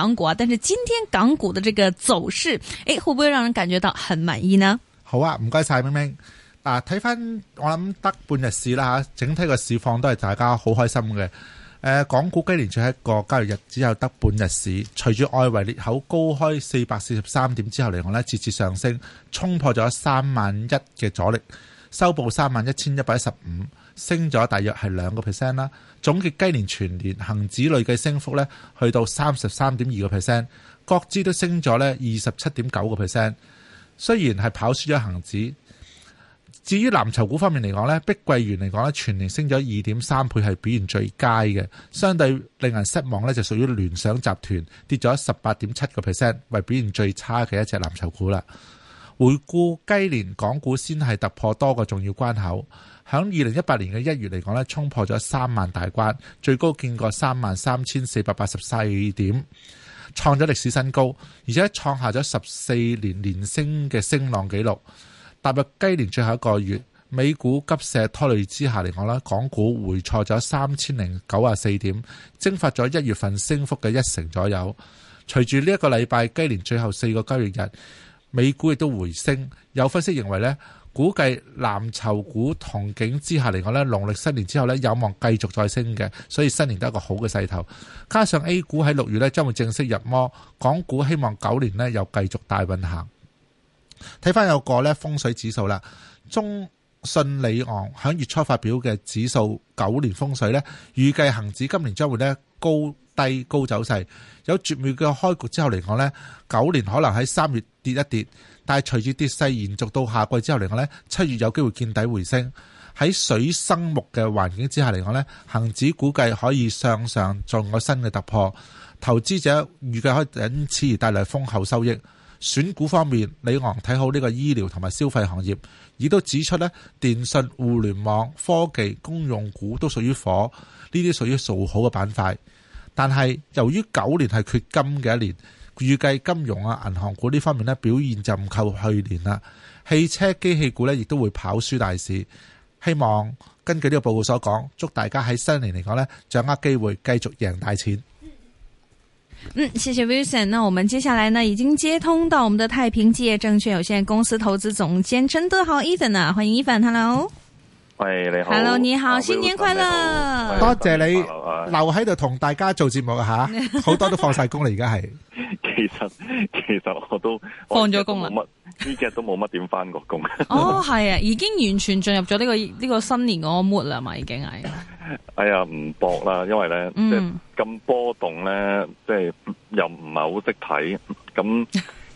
港股啊，但是今天港股的這個走勢，誒，會不會讓人感覺到很滿意呢？好啊，唔該晒，明明。嗱、啊，睇翻我諗得半日市啦吓，整體個市況都係大家好開心嘅。誒、呃，港股今年最後一個交易日只有得半日市，隨住外圍裂口高開四百四十三點之後嚟講呢，節節上升，衝破咗三萬一嘅阻力，收報三萬一千一百一十五。升咗，大約係兩個 percent 啦。總結雞年全年恒指累計升幅咧，去到三十三點二個 percent，國指都升咗咧二十七點九個 percent。雖然係跑輸咗恒指。至於藍籌股方面嚟講咧，碧桂園嚟講咧，全年升咗二點三倍，係表現最佳嘅。相對令人失望咧，就屬於聯想集團跌咗十八點七個 percent，為表現最差嘅一隻藍籌股啦。回顧雞年港股先係突破多個重要關口。喺二零一八年嘅一月嚟講呢，衝破咗三萬大關，最高見過三萬三千四百八十四點，創咗歷史新高，而且創下咗十四年連升嘅升浪紀錄。踏入雞年最後一個月，美股急瀉拖累之下嚟講呢，港股回挫咗三千零九十四點，蒸發咗一月份升幅嘅一成左右。隨住呢一個禮拜雞年最後四個交易日，美股亦都回升。有分析認為呢，估計藍籌股同景之下嚟講呢，農曆新年之後有望繼續再升嘅，所以新年得一個好嘅勢頭，加上 A 股喺6月呢將會正式入魔，港股希望9低高走勢有絕妙嘅開局之後嚟講呢，九年可能喺三月跌一跌，但係隨住跌勢延續到下季之後嚟講呢，七月有機會見底回升。喺水生木嘅環境之下嚟講呢，恒指估計可以上上做個新嘅突破，投資者預計可以因此而帶嚟豐厚收益。選股方面，李昂睇好呢個醫療同埋消費行業，亦都指出呢，電信、互聯網、科技公用股都屬於火呢啲，屬於數好嘅板塊。但係由於九年係缺金嘅一年，預計金融啊、銀行股呢方面呢表現就唔夠去年啦。汽車、機器股呢亦都會跑輸大市。希望根據呢個報告所講，祝大家喺新年嚟講呢，掌握機會繼續贏大錢。嗯，謝謝 Wilson。那我們接下來呢已經接通到我們的太平企業證券有限公司投資總監陳德豪 Ethan。啊，歡迎 Evan，hello。哈嘍喂、hey，你好。Hello，你好，新年快樂。多謝你留喺度同大家做節目嘅吓，好、 啊、多都放晒工啦，而家係。其實其實我都，我都放咗工啦。乜呢日都冇乜點翻個工。哦，係啊，已經完全進入咗呢、這個呢、這個新年嘅 mood 啦嘛，已經係。哎呀，唔搏啦，因為咧、嗯，即係咁波動咧，即係又唔係好識睇，咁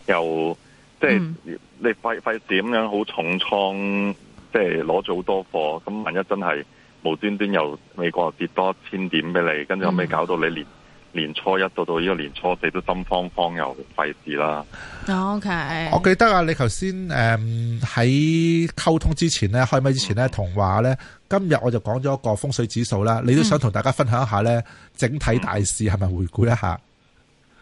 又即係你快快點樣好重創。即係攞咗好多貨，咁萬一真係無端端由美國跌多千點俾你，跟住後尾搞到你年、嗯、年初一到到呢個年初四都心慌慌，又費事啦。OK，我記得啊，你頭先誒喺溝通之前咧，開咪之前咧，同、嗯、話咧，今日我就講咗一個風水指數啦，你都想同大家分享一下咧，整體大市係咪回顧一下？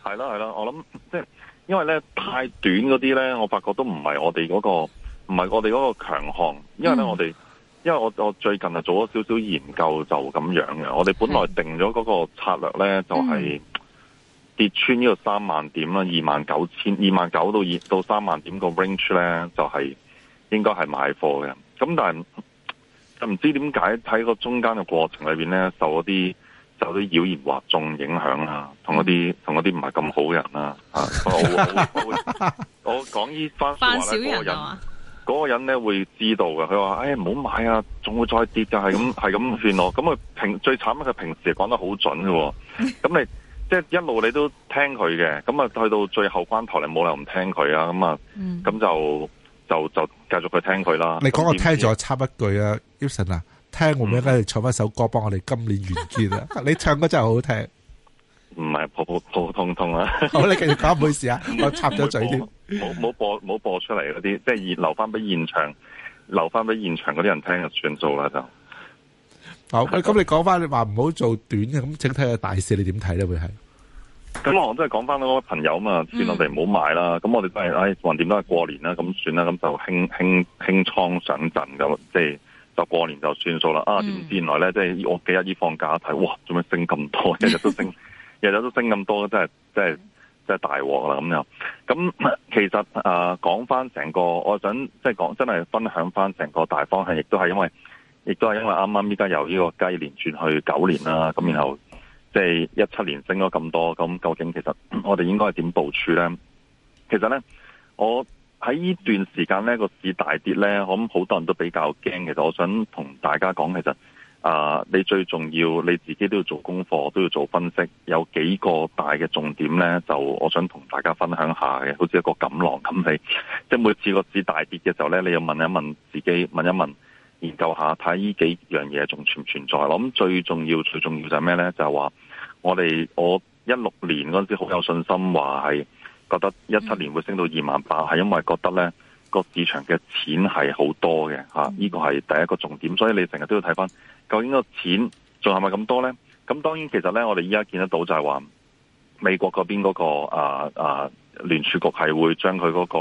係啦係啦，我諗即係因為咧太短嗰啲咧，我發覺都唔係我哋嗰、那個。唔係我哋嗰個強項，因為咧、嗯、我哋，因為我我最近啊做咗少少研究就咁樣嘅，我哋本來定咗嗰個策略咧、嗯、就係、是、跌穿呢個三萬點啦，二萬九千，二萬九到二到三萬點個 range 咧就係應該係買貨嘅，咁但係唔知點解睇個中間嘅過程裏邊咧受嗰啲受啲妖言惑眾影響啊，同嗰啲同嗰啲唔係咁好人啦、嗯，啊，我講呢 番話咧。嗰、那個人咧會知道嘅，佢話，唉、哎，唔好買啊，仲會再跌，就係咁，係 咁勸我。咁佢平最慘佢平時講得好準嘅。咁 你即係、就是、一路你都聽佢嘅，咁啊，去到最後關頭你冇理由唔聽佢啊。咁啊，咁、嗯、就就就繼續去聽佢啦。你講我聽咗插一句啊，Eason 啊，聽我唔應嚟，看看會唔會你唱翻首歌幫我哋今年完結啊？ 你唱歌真係好好聽，唔係普普普通通啊！ 好，你繼續講唔好意思啊，我插咗嘴添。 冇冇播冇播出嚟嗰啲，即係留翻俾現場，留翻俾現場嗰啲人聽就算數啦。就好，咁、哦、你講翻你話唔好做短嘅，咁整體嘅大市你點睇咧？會係咁，我真係講翻嗰個朋友啊嘛，嗯、算我哋唔好買啦。咁我哋都係，唉、哎，橫掂都係過年啦，咁算啦，咁就輕輕輕倉上陣咁，即係就過年就算數啦、嗯。啊，點知原來咧，即、就、係、是、我幾日呢放假一睇，哇，做咩升咁多？日日都升，日 日都升咁多，真係真係。即係大鑊啦咁樣，咁其實誒講翻成個，我想即係講真係分享翻成個大方向，亦都係因為，亦都係因為啱啱依家由呢個雞年轉去九年啦，咁然後即係一七年升咗咁多，咁究竟其實我哋應該係點部署呢？其實呢，我喺呢段時間呢個市大跌呢，我諗好多人都比較驚。其實我想同大家講，其實。啊！你最重要，你自己都要做功課，都要做分析。有幾個大嘅重點呢，就我想同大家分享下嘅，好似一個錦囊咁你。即係每次個市大跌嘅時候呢，你要問一問自己，問一問研究下，睇呢幾樣嘢仲存唔存在？咁、啊、最重要、最重要就係咩呢？就係、係、話我哋我一六年嗰陣時好有信心話係覺得一七年會升到二萬八，係因為覺得呢。個市場嘅錢係好多嘅嚇，依個係第一個重點，所以你成日都要睇翻究竟個錢仲係咪咁多呢？咁當然其實呢，我哋依家見得到就係話美國嗰邊嗰個啊啊聯儲局係會將佢嗰個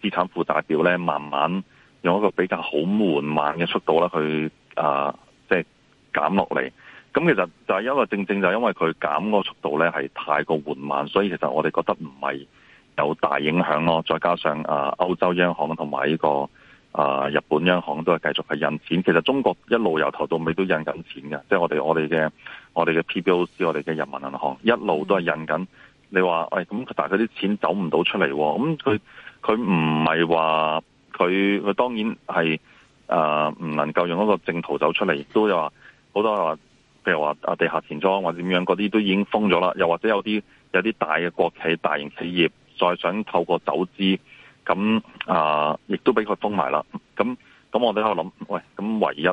資產負債表咧，慢慢用一個比較好緩慢嘅速度咧去啊，即係減落嚟。咁其實就係因為正正就係因為佢減個速度呢係太過緩慢，所以其實我哋覺得唔係有大影響咯，再加上啊，歐洲央行同埋呢個啊日本央行都係繼續係印錢。其實中國一路由頭到尾都印緊錢嘅，即係我哋我哋嘅我哋嘅 PBOC，我哋嘅人民銀行一路都係印緊。嗯。你話喂咁，但係啲錢走唔到出嚟喎。咁佢佢唔係話佢佢當然係啊，唔能夠用嗰個正途走出嚟，亦都有話好多話，譬如話啊地下錢莊或者點樣嗰啲都已經封咗啦。又或者有啲有啲大嘅國企、大型企業，再想透過走資，咁啊，亦、呃、都俾佢封埋啦。咁咁，我哋喺度諗，喂，咁唯一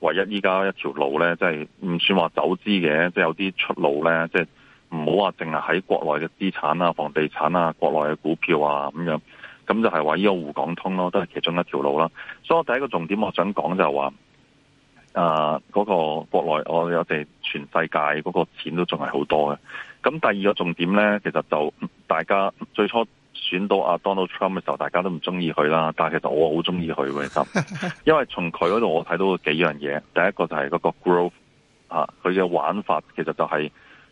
唯一依家一條路咧，即係唔算話走資嘅，即、就、係、是、有啲出路咧，即係唔好話淨係喺國內嘅資產啊、房地產啊、國內嘅股票啊咁樣。咁就係話依個滬港通咯，都係其中一條路啦。所以我第一個重點我想講就話、是，啊、呃，嗰、那個國內我我哋全世界嗰個錢都仲係好多嘅。咁第二個重點呢，其實就大家最初選到阿 Donald Trump 嘅時候，大家都唔中意佢啦。但係其實我好中意佢喎，其實因為從佢嗰度我睇到幾樣嘢。第一個就係嗰個 growth 啊，佢嘅玩法其實就係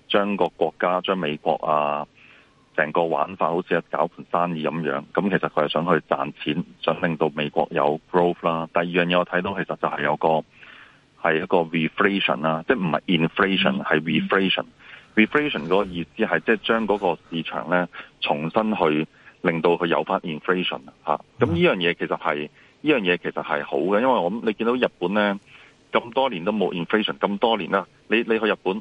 將個國家、將美國啊，成個玩法好似係搞盤生意咁樣。咁其實佢係想去賺錢，想令到美國有 growth 啦。第二樣嘢我睇到其實就係有個係一個 reflation 啦、啊，即係唔係 inflation 係 reflation。Reflation 個意思係即係將嗰個市場咧重新去令到佢有返 inflation 咁，啊，呢樣嘢其實係呢樣嘢其實係好嘅，因為我你見到日本咧咁多年都冇 inflation，咁多年啦，你你去日本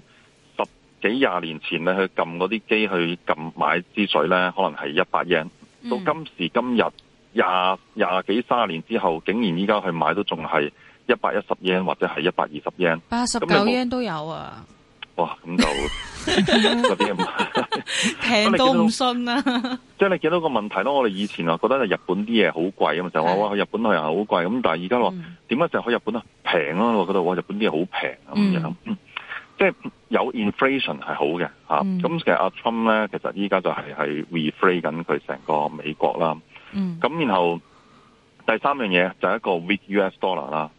十幾廿年前你去撳嗰啲機去撳買支水咧，可能係一百 yen，到今時今日廿廿幾卅年之後，竟然依家去買都仲係一百一十 yen 或者係一百二十 yen，八十九 yen 都有啊。哇！咁就嗰啲平到唔信啦，啊。即係你見到個問題咯，我哋以前啊覺得日本啲嘢好貴啊嘛，就話哇日人，嗯、去日本去又好貴咁，但係而家話點解就去日本啊？平啊，我覺得喎，日本啲嘢好平咁樣。嗯、即係有 inflation 係好嘅吓，咁、啊嗯、其實阿 Trump 咧，其實依家就係係 reflate 緊佢成個美國啦。咁、嗯、然後第三樣嘢就係、一個 with US dollar 啦，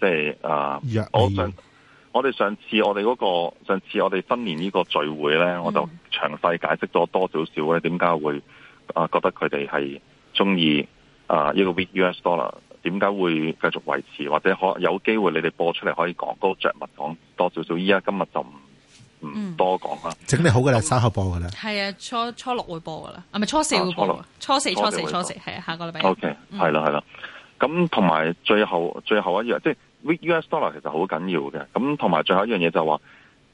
即係誒，我想。我哋上次我哋嗰、那個上次我哋新年呢個聚會咧，我就詳細解釋咗多少少咧，點解會啊、呃、覺得佢哋係中意啊呢個 weak US dollar，點解會繼續維持或者可有機會你哋播出嚟可以講嗰個著物講多少少，依家今日就唔唔多講啦。整、嗯、理、嗯、好嘅，啦，三號播噶啦。係啊，初初六會播噶啦，係咪？初四會播。初四初四初四係呀。下個禮拜。O K，係啦係啦，咁同埋最後最後一樣即係。US dollar 其實好緊要嘅，咁同埋最後一樣嘢就係話，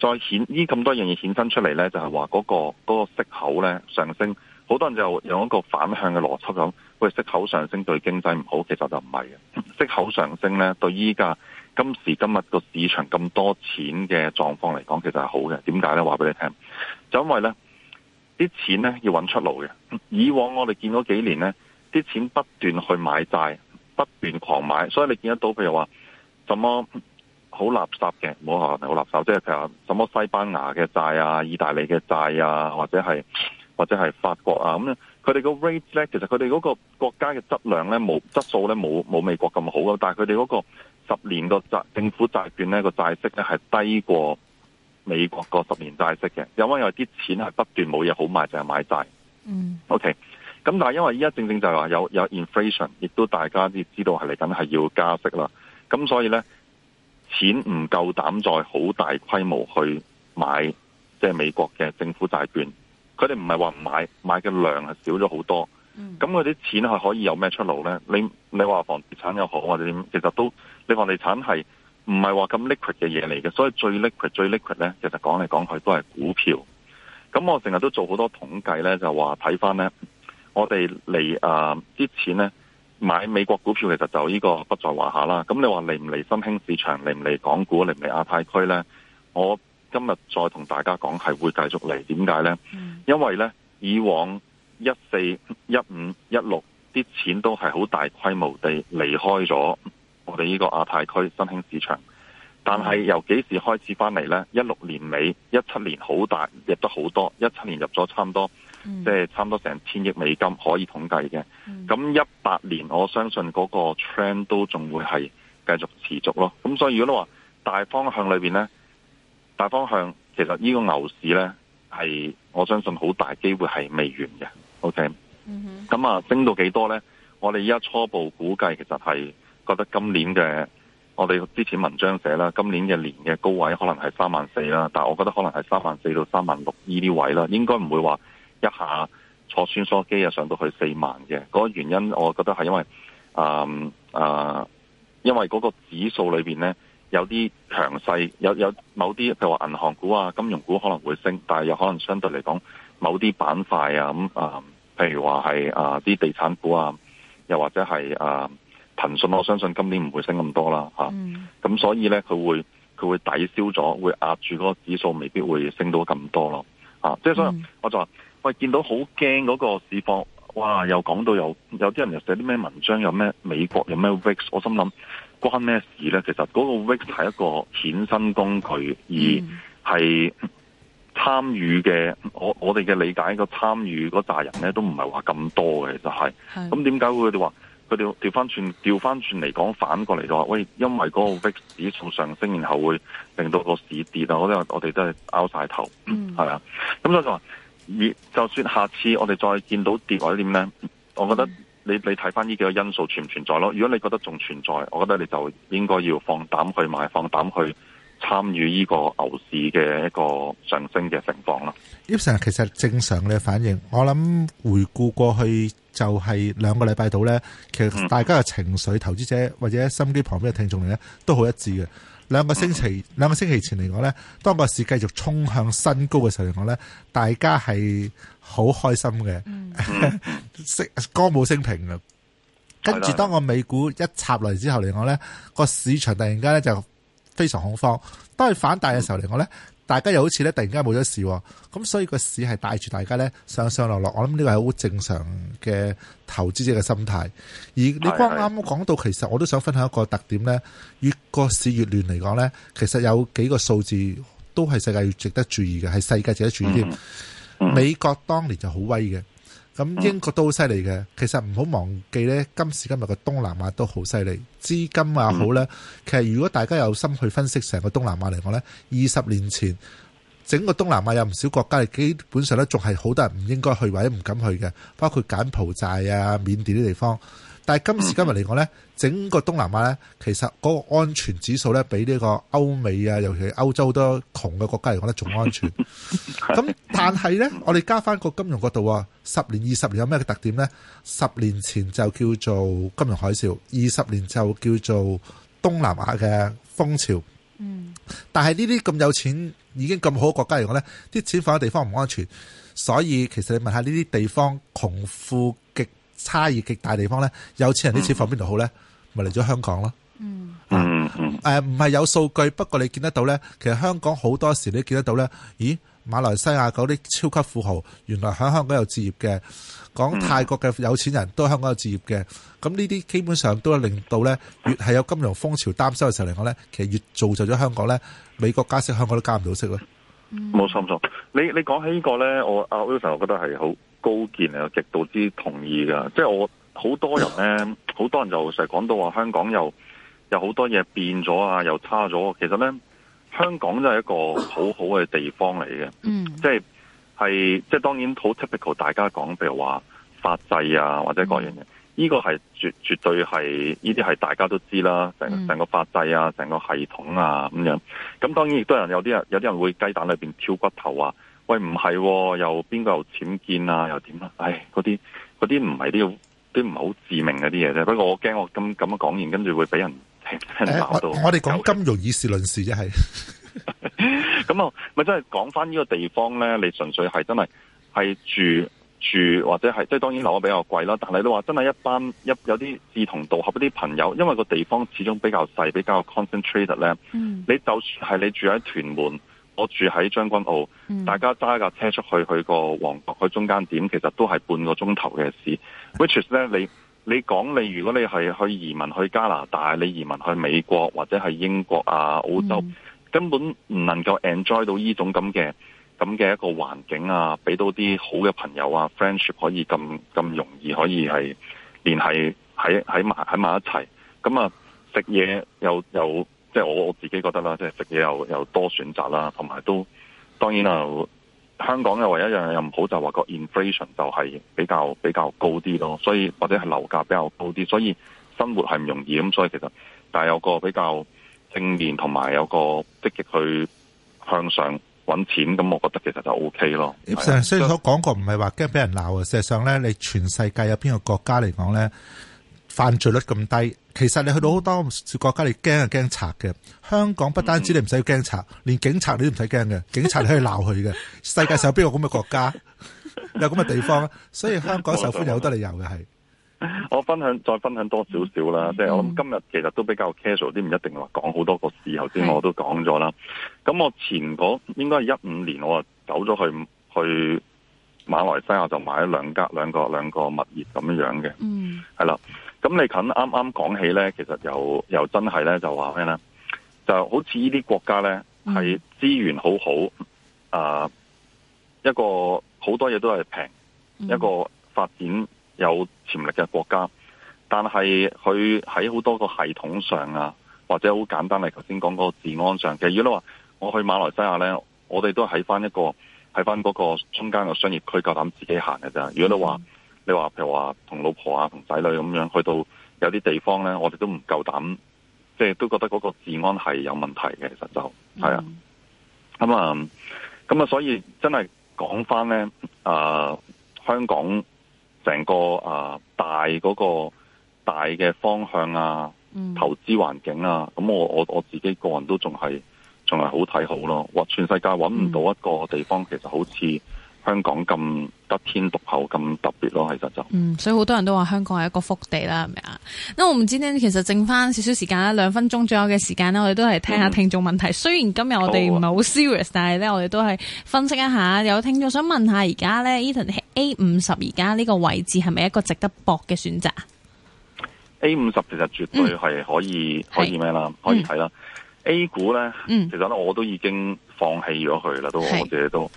再顯呢咁多樣嘢衍生出嚟呢，就係話嗰個息口呢上升，好多人就用一個反向嘅邏輯咁喂息口上升對經濟唔好，其實就唔係嘅。息口上升呢對依家今時今日個市場咁多錢嘅狀況嚟講，其實係好嘅。點解呢？話俾你聽，就因為呢啲錢呢要揾出路嘅。以往我哋見嗰幾年呢啲錢不斷去買債，不斷狂買，所以你見得到譬如話。什麼好垃圾嘅，唔好話好垃圾，即係譬如話，什麼西班牙嘅債啊、意大利嘅債啊，或者係或者係法國啊，咁佢哋個 rate 咧，其實佢哋嗰個國家嘅質量咧、冇質素咧，冇冇美國咁好嘅，但係佢哋嗰個十年個政府債券咧，個債息咧係低過美國個十年債息嘅，有為有啲錢係不斷冇嘢好賣，就係、是、買債。嗯。OK. 咁但係因為依家正正就係話有有 inflation，亦都大家要知道係嚟緊係要加息啦。咁所以咧，錢唔夠膽再好大規模去買，即係美國嘅政府債券。佢哋唔係話唔買，買嘅量係少咗好多。咁嗰啲錢係可以有咩出路咧？你你話房地產又好，或者點，其實都，你房地產係唔係話咁 liquid 嘅嘢嚟嘅。所以最 liquid 最 liquid 咧，其實講嚟講去都係股票。咁我成日都做好多統計咧，就話睇翻咧，我哋嚟誒啲錢咧。啊買美國股票其實就呢個不在話下啦。咁你話嚟唔嚟新興市場，嚟唔嚟港股，嚟唔嚟亞太區呢？我今日再同大家講係會繼續嚟，點解呢？因為呢以往一四、一五、一六啲錢都係好大規模地離開咗我哋呢個亞太區新興市場。但係由幾時開始翻嚟呢？一六年尾、一七年好大入得好多，一七年入咗差唔多。即、嗯、係、就是、差唔多成千億美金可以統計嘅，咁、嗯、一八年我相信嗰個 trend 都仲會係繼續持續咯。咁所以如果你話大方向裏邊呢，大方向其實呢個牛市呢係我相信好大機會係未完嘅。O.K.，咁、嗯、啊升到幾多呢？我哋依家初步估計，其實係覺得今年嘅我哋之前文章寫啦，今年嘅年嘅高位可能係三萬四啦，但係我覺得可能係三萬四到三萬六呢啲位啦，應該唔會話。一下坐穿梭機啊，上到去四萬嘅，嗰、那個原因我覺得係因為啊啊、呃呃，因為嗰個指數裏邊咧有啲強勢，有些有，有某啲譬如話銀行股啊、金融股可能會升，但係又可能相對嚟講某啲板塊啊咁啊、呃，譬如話係啊啲地產股啊，又或者係啊騰訊，我相信今年唔會升咁多啦嚇。咁、啊嗯、所以咧佢會佢會抵消咗，會壓住嗰個指數，未必會升到咁多咯嚇、啊。即係所以、嗯、我就話。喂，見到好驚嗰個市況，哇！又講到有有啲人又寫啲咩文章，有咩美國有咩 VIX，我心諗關咩事呢？其實嗰個 VIX 係一個衍生工具，而係參與嘅。我我哋嘅理解個參與嗰大人呢都唔係話咁多嘅，其實係咁點解佢哋話佢哋調翻轉調翻轉嚟講，反過嚟就話喂，因為嗰個 VIX 指數上升，然後會令到個市跌啊！我哋我哋真係拗晒頭，係啊！咁、嗯、所以就話。你就算下次我哋再見到跌或者點咧，我覺得你你睇翻呢幾個因素存唔存在咯。如果你覺得仲存在，我覺得你就應該要放膽去買，放膽去參與呢個牛市嘅一個上升嘅情況咯。葉 Sir，其實正常嘅反應，我諗回顧過去。就係、是、兩個禮拜到咧，其實大家嘅情緒、投資者或者心機旁邊嘅聽眾嚟咧，都好一致嘅。兩個星期，兩個星期前嚟講咧，當個市繼續衝向新高嘅時候嚟講咧，大家係好開心嘅，歌舞升平嘅。跟住當個美股一插落嚟之後嚟講咧，個市場突然間咧就非常恐慌。當佢反彈嘅時候嚟講咧。大家又好似咧，突然間冇咗事，咁所以個市係帶住大家咧上上落落。我諗呢個係好正常嘅投資者嘅心態。而你剛啱啱講到，其實我都想分享一個特點咧，越個市越亂嚟講咧，其實有幾個數字都係世界要值得注意嘅，係世界值得注意添、嗯嗯。美國當年就好威嘅。咁英國都好犀利嘅，其實唔好忘記呢。今時今日嘅東南亞都好犀利，資金啊好呢。其實如果大家有心去分析成個東南亞嚟講呢，二十年前整個東南亞有唔少國家基本上呢仲係好多人唔應該去或者唔敢去嘅，包括柬埔寨啊、緬甸啲地方。但係今時今日嚟講呢，整個東南亞呢，其實嗰個安全指數呢，比呢個歐美啊，尤其是歐洲好多窮嘅國家嚟講呢仲安全。咁 但係呢，我哋加翻個金融角度啊，十年二十年有咩特點呢？十年前就叫做金融海嘯，二十年就叫做東南亞嘅風潮。但係呢啲咁有錢已經咁好嘅國家嚟講呢，啲錢放喺地方唔安全，所以其實你問下呢啲地方窮富極，差異極大，地方呢，有錢人啲錢放邊度好呢？咪嚟咗香港咯。嗯嗯誒，唔係有數據，不過你見得到呢，其實香港好多時你見得到呢，咦，馬來西亞嗰啲超級富豪原來喺香港有置業嘅，講泰國嘅有錢人都喺香港有置業嘅。咁呢啲基本上都係令到呢，越係有金融風潮擔心嘅時候嚟講呢，其實越造就咗香港呢，美國加息香港都加唔到息咧。嗯，冇錯冇錯，你你講起呢個咧，我阿 Wilson 我覺得係好高見啊，極度之同意噶。即係我好多人咧，好多人就成日講到話香港又又好多嘢變咗啊，又差咗。其實咧，香港真係一個好好嘅地方嚟嘅。嗯，即係係即係當然好 typical，大家講譬如話法制啊，或者各樣嘢。呢、呢個係絕絕對係，呢啲係大家都知啦，成成個法制啊，成個系統啊咁樣。咁當然亦都有人，有啲人有啲人會雞蛋裏邊挑骨頭啊，喂，唔係、哦、又邊個又僭建啊，又點啊？唉、哎，嗰啲嗰啲唔係啲，啲唔係好致命嗰啲嘢啫。不過我驚我咁咁樣講完，跟住會俾人聽鬧、哎、到。我我哋講金融以事論事啫，係 咁我咪真係講翻呢個地方咧？你純粹係真係係住。住或者係即係當然樓比較貴啦，但係你都話真係一班一有啲志同道合啲朋友，因為個地方始終比較細比較 concentrated 咧、嗯。你就算係你住喺屯門，我住喺將軍澳，嗯、大家揸架車出去去個旺角，去中間點其實都係半個鐘頭嘅事。Which is 咧，你你講你如果你係去移民去加拿大，你移民去美國或者係英國啊、澳洲，嗯、根本唔能夠 enjoy 到呢種咁嘅。咁嘅一個環境啊，俾到啲好嘅朋友啊、mm-hmm.，friendship 可以咁咁容易可以係連係喺喺埋喺埋一齊。咁啊食嘢又又即係我我自己覺得啦，即係食嘢又又多選擇啦，同埋都當然啊，香港嘅唯一一樣又唔好就話、是、個 inflation 就係比較比較高啲咯。所以或者係樓價比較高啲，所以生活係唔容易咁。所以其實但係有個比較正面同埋有個積極去向上搵錢咁，我覺得其實就 O K 咯。上先所講過唔係話驚俾人鬧啊，實際上咧，你全世界有邊個國家嚟講咧，犯罪率咁低？其實你去到好多國家，你驚啊驚賊嘅。香港不單止你唔使驚賊，嗯嗯連警察你都唔使驚嘅，警察你可以鬧佢嘅。 世界上有邊個咁嘅國家 有咁嘅地方？所以香港受歡迎有好多理由嘅係。 我分享再分享多少少啦，即、嗯、係、就是、我諗今日其實都比較 casual 啲，唔一定話講好多個事。頭先我都講咗啦。咁我前嗰應該係一五年，我啊走咗去去馬來西亞就買咗兩家兩個兩個、個物業咁樣樣嘅。嗯，係啦。咁你近啱啱講起咧，其實又又真係咧，就話咩咧？就好似呢啲國家咧，係資源好好，啊、嗯呃，一個好多嘢都係平、嗯，一個發展。有潛力嘅國家，但係佢喺好多個系統上啊，或者好簡單，係頭先講嗰個治安上嘅。其實如果你話我去馬來西亞呢，我哋都喺翻一個喺翻嗰個中間嘅商業區夠膽自己行嘅咋。如果你話、mm. 你話譬如話同老婆啊、同仔女咁樣去到有啲地方呢，我哋都唔夠膽，即係都覺得嗰個治安係有問題嘅。其實就係啊，咁啊，咁、mm. 啊、嗯，所以真係講翻呢啊、呃、香港。成個啊大嗰個大嘅方向啊，嗯、投資環境啊，咁我我我自己個人都仲係仲係好睇好咯、啊，哇！全世界揾唔到一個地方、嗯、其實好似。香港咁得天獨厚，咁特別咯，其實就嗯，所以好多人都話香港係一個福地啦，係咪啊？咁我唔知呢。其實剩返少少時間啦，兩分鐘左右嘅時間呢我哋都係聽下聽，聽眾問題。嗯、雖然今日我哋唔係好 serious，啊、但係呢，我哋都係分析一下。有聽眾想問下呢，而家咧 A 五十而家呢個位置係咪一個值得搏嘅選擇？A 五十其實絕對係、嗯、可以，可以咩啦？可以睇啦、嗯。A 股呢、嗯，其實我都已經放棄咗佢啦，都我自己都。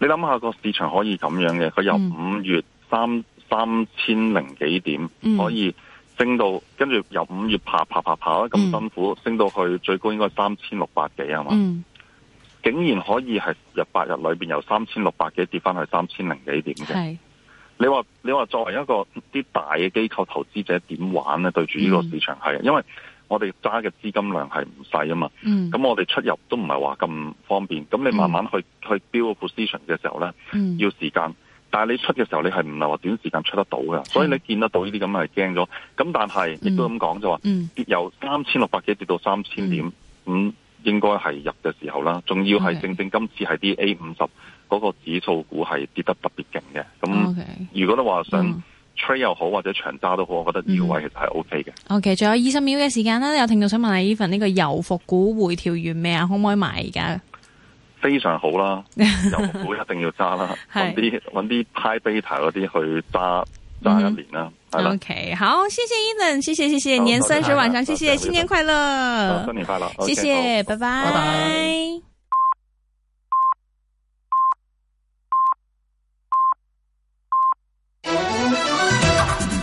你諗下個市場可以咁樣嘅？佢由五月三、嗯、三千零幾點，可以升到，跟、嗯、住由五月爬爬爬爬咁辛苦，嗯、升到去最高應該三千六百幾係嘛？竟然可以係入八日裏邊由三千六百幾跌翻去三千零幾點嘅？你話，你話作為一個啲大嘅機構投資者點玩咧？對住呢個市場係、嗯，因為。我哋揸嘅資金量係唔細啊嘛，咁、嗯、我哋出入都唔係話咁方便，咁你慢慢去、嗯、去標個 position 嘅時候咧、嗯，要時間，但係你出嘅時候你係唔係話短時間出得到㗎、嗯？所以你見得到呢啲咁係驚咗，咁但係亦都咁講就話、嗯，跌由三千六百幾跌到三千點，咁、嗯、應該係入嘅時候啦，仲要係正正今次係啲 A 五十嗰個指數股係跌得特別勁嘅，咁如果你話想，嗯嗯吹又好或者長揸都好，我覺得料位其實係 O K 嘅。O K，仲有二十秒嘅時間啦，有聽眾想問啊，Evan 呢個油服股回調完未啊？可唔可以買？而家非常好啦，油服股一定要揸啦，揾啲揾啲 high beta 嗰啲去揸揸一年啦，係 O K，好，謝謝 Evan，謝謝謝謝，年三十晚上，謝謝，謝，謝，謝，謝新年快樂，新年快樂，謝謝，拜、okay, 拜。Bye bye